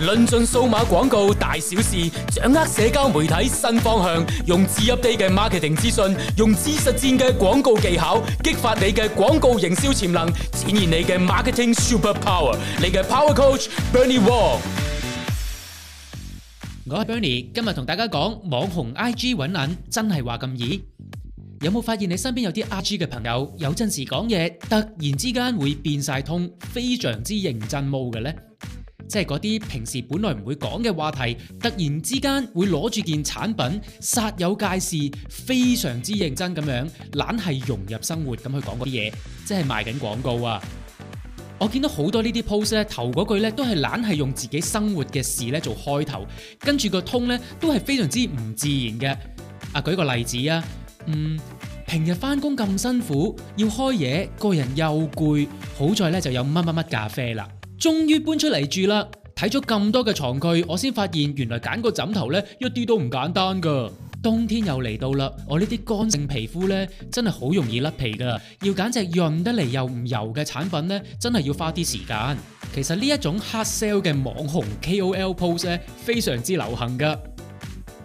論盡數碼廣告大小事，掌握社交媒體新方向，用最 update 嘅 marketing 資訊，用最實戰嘅廣告技巧，激發你嘅廣告營銷潛能，展現你嘅 marketing super power。你嘅 power coach Bernie Wong，我係 Bernie，今日同大家講網紅 IG 搵銀真係話咁易？有冇發現你身邊有啲 IG 嘅朋友，有陣時講嘢突然之間會變晒通，非常之認真冇嘅呢？即係嗰啲平時本來唔會講嘅話題，突然之間會攞住件產品，煞有介事，非常之認真咁樣，懶係融入生活咁去講嗰啲嘢，即係賣緊廣告啊！我見到好多呢啲 post 呢，頭嗰句呢都係懶係用自己生活嘅事呢做開頭，跟住個 tone 呢都係非常之唔自然嘅。啊，舉個例子啊，嗯，平日返工咁辛苦，要開嘢，個人又攰，好在呢就有乜乜乜咖啡啦。終於搬出嚟住啦！睇咗咁多嘅床具，我先發現原來揀個枕頭咧一啲都唔簡單噶。冬天又嚟到啦，我呢啲乾性皮膚咧真係好容易甩皮噶，要揀隻潤得嚟又唔油嘅產品咧，真係要花啲時間。其實呢一種黑 sell 嘅網紅 KOL post 咧非常之流行噶。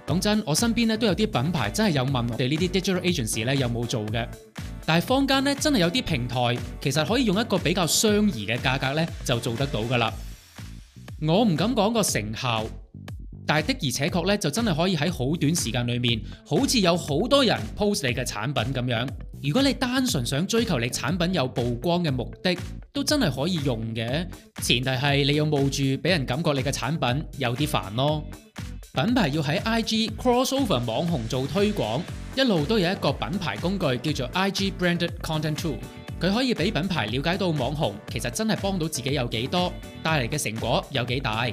講真，我身邊咧都有啲品牌真係有問我哋呢啲 digital agency 咧有冇做嘅。但係坊間咧，真係有啲平台，其實可以用一個比較相宜嘅價格咧，就做得到噶啦。我唔敢講個成效，但係的而且確咧，就真係可以喺好短時間裏面，好似有好多人 post 你嘅產品咁樣。如果你單純想追求你產品有曝光嘅目的，都真係可以用嘅，前提係你要冒住俾人感覺你嘅產品有啲煩咯。品牌要喺 IG Crossover 網紅做推廣。一路都有一個品牌工具叫做 IG Branded Content Tool，佢可以俾品牌了解到網紅其實真係幫到自己有幾多，帶嚟嘅成果有幾大，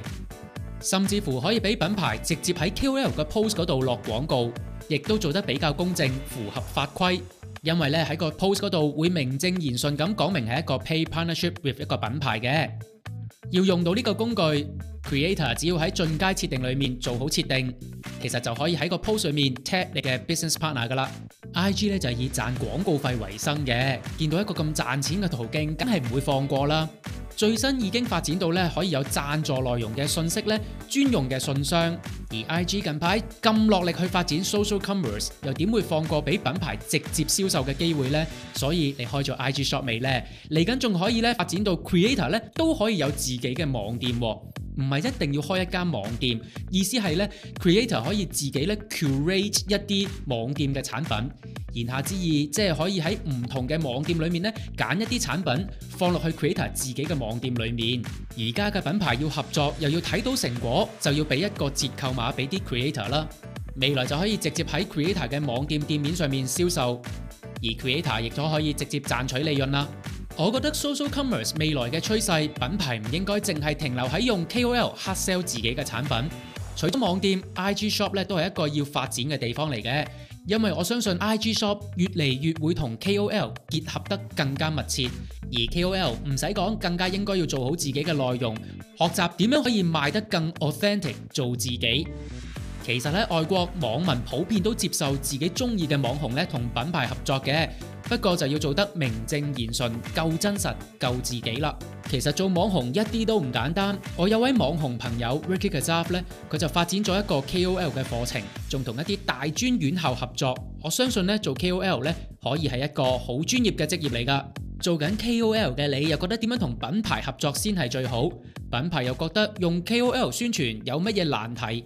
甚至乎可以俾品牌直接喺 QL 嘅 post 嗰度落廣告，亦都做得比較公正，符合法規。因為咧喺個 post 嗰度會名正言順咁講明係一個 pay partnership with 一個品牌嘅，要用到呢個工具。Creator 只要喺進階設定裏面做好設定，其實就可以喺個 post 上面 tap 你嘅 business partner 噶啦。IG 咧就係以賺廣告費為生嘅，見到一個咁賺錢嘅途徑，梗係唔會放過啦。最新已經發展到咧可以有贊助內容嘅信息咧專用嘅信箱，而 IG 近排咁落力去發展 social commerce，又點會放過俾品牌直接銷售嘅機會呢？所以你開咗 IG shop 未呢？嚟緊仲可以咧發展到 Creator 咧都可以有自己嘅網店喎。唔係一定要開一間網店，意思係咧，creator 可以自己咧 curate 一啲網店嘅產品。言下之意，即係可以喺唔同嘅網店裡面咧，揀一啲產品放落去 creator 自己嘅網店裡面。而家嘅品牌要合作，又要睇到成果，就要俾一個折扣碼俾啲 creator 啦。未來就可以直接喺 creator 嘅網店店面上面銷售，而 creator 亦都可以直接賺取利潤啦。我覺得 social commerce 未來嘅趨勢，品牌唔應該淨係停留喺用 KOL 黑 sell 自己嘅產品。除咗網店，IG Shop 咧都係一個要發展嘅地方嚟嘅，因為我相信 IG Shop 越嚟越會同 KOL 結合得更加密切，而 KOL 唔使講，更加應該要做好自己嘅內容，學習點樣可以賣得更 authentic，做自己。其實喺外國，網民普遍都接受自己鍾意嘅網紅咧同品牌合作嘅，不過就要做得名正言順、夠真實、夠自己啦。其實做網紅一啲都唔簡單。我有位網紅朋友 Ricky Kazaf 咧，佢就發展咗一個 KOL 嘅課程，仲同一啲大專院校合作。我相信咧做 KOL 咧可以係一個好專業嘅職業嚟㗎。做緊 KOL 嘅你又覺得點樣同品牌合作先係最好？品牌又覺得用 KOL 宣傳有乜嘢難題？